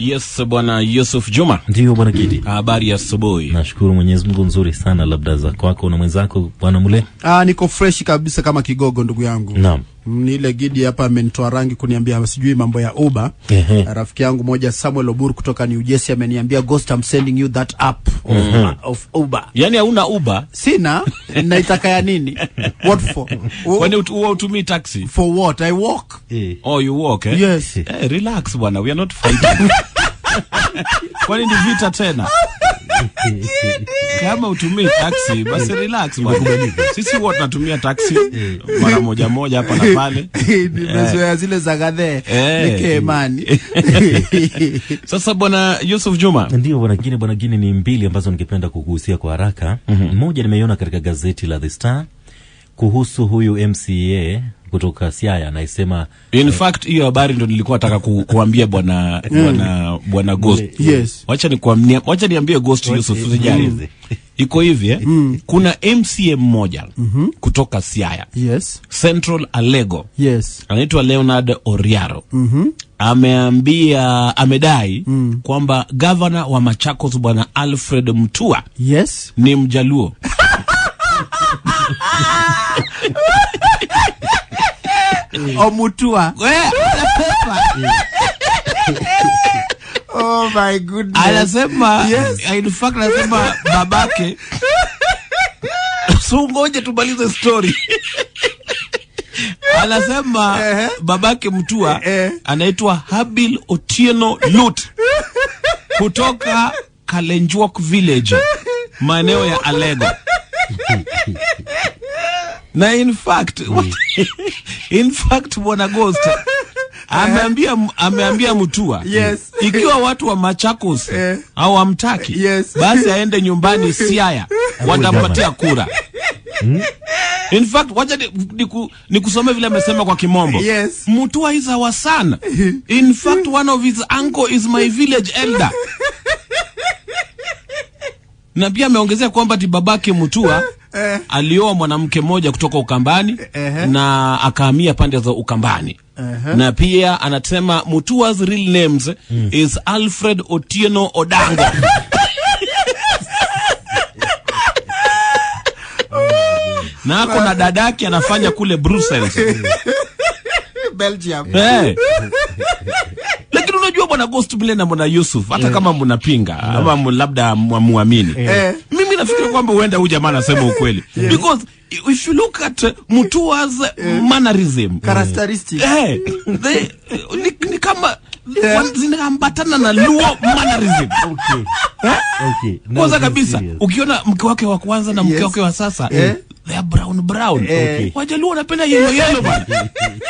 Yes bwana Yusuf Juma, ndio bwana kidi habari ya asubuhi. Nashukuru Mwenyezi Mungu, nzuri sana, labda za kwako na mwenzako bwana Mule? Ah, niko fresh kabisa kama kigogo ndugu yangu. Naam ile gidi hapa amenitoa rangi kuniambia sijui mambo ya Uber. mm -hmm. Rafiki yangu moja Samuel Obur kutoka New Jersey ameniambia Ghost, I'm sending you that app of, mm -hmm. uh, of Uber. Yani hauna Uber? Sina naitaka ya nini? What for? When Kwani wewe utumii taxi? For what? I walk. Yeah. Oh, you walk eh? Yes. Eh, relax bwana, we are not fighting. Kwani ni vita tena? kama utumie taxi basi relax Sisi huwa tunatumia taxi eh. mara moja moja hapa na pale, nimezoea eh. zile za gadhe eh. nikeemani. Sasa bwana Yusuf Juma, ndio bwana Gine, bwana Gine, ni mbili ambazo ningependa kugusia kwa haraka. Mhm. Moja nimeiona katika gazeti la The Star kuhusu huyu MCA kutoka Siaya anasema, in eh, fact hiyo habari ndo nilikuwa nataka ku, kuambia bwana mm. bwana bwana mm. Ghost. Yes, wacha kuamnia wacha niambie Ghost hiyo sausage iko hivi eh? Mm. Kuna MCA mmoja mm -hmm. kutoka Siaya yes. Central Alego yes. anaitwa Leonard Oriaro mm -hmm. ameambia amedai mm. kwamba gavana wa Machakos bwana Alfred mtua yes. ni mjaluo Eh. omutua eh, eh. Oh my goodness. Anasema yes. In fact anasema babake so ngoje tumalize story. Anasema babake mtua anaitwa Habil Otieno Lut kutoka Kalenjwok village maeneo ya Alego na in fact mm. what, in fact bwana Ghost ameambia ameambia Mutua yes. ikiwa watu wa Machakos eh, au amtaki yes, basi aende nyumbani Siaya, watampatia kura hmm? In fact wacha nikusome vile amesema kwa Kimombo. Yes. Mutua is our son. In fact one of his uncle is my village elder na pia ameongezea kwamba ti babake Mutua eh, eh, alioa mwanamke mmoja kutoka Ukambani eh, eh. na akahamia pande za Ukambani eh, eh, na pia anasema Mutua's real names mm, is Alfred Otieno Odanga na ako na dadake anafanya kule Brussels Belgium. hey. unajua bwana Ghost Mulee na bwana Yusuf hata yeah. kama mnapinga yeah. ama labda mwamuamini yeah. Eh, mimi nafikiri kwamba huenda huyu jamaa anasema ukweli yeah. because if you look at Mutua's yeah. mannerism characteristics eh hey, ni, ni kama Yeah. zinaambatana na Luo mannerism. Okay. Eh? Okay. Kwanza kabisa ukiona mke wake wa kwanza na mke wake wa sasa yeah. they are brown brown brown eh. Okay. Wajaluo wanapenda yellow yellow bwana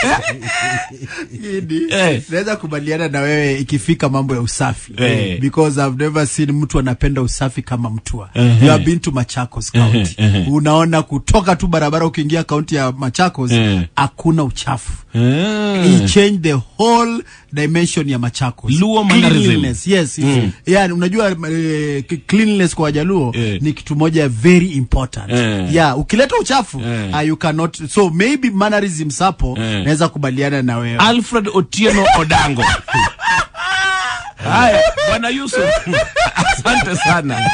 eh. eh. Naweza kubaliana na wewe ikifika mambo ya usafi eh. Because I've never seen mtu anapenda usafi kama mtu uh eh. -huh. You have been to Machakos eh. County uh Uh -huh. -huh. Unaona kutoka tu barabara ukiingia kaunti ya Machakos hakuna uh -huh. uchafu eh. He changed the whole dimension ya Machakos. Luo cleanliness, yes, mm. Yeah, unajua uh, cleanliness kwa Wajaluo eh. ni kitu moja very important eh. Yeah, ukileta uchafu alafu eh. Uh, you cannot so maybe mannerism sapo eh. Naweza kubaliana na wewe Alfred Otieno Odango Haya, Bwana Yusuf, asante sana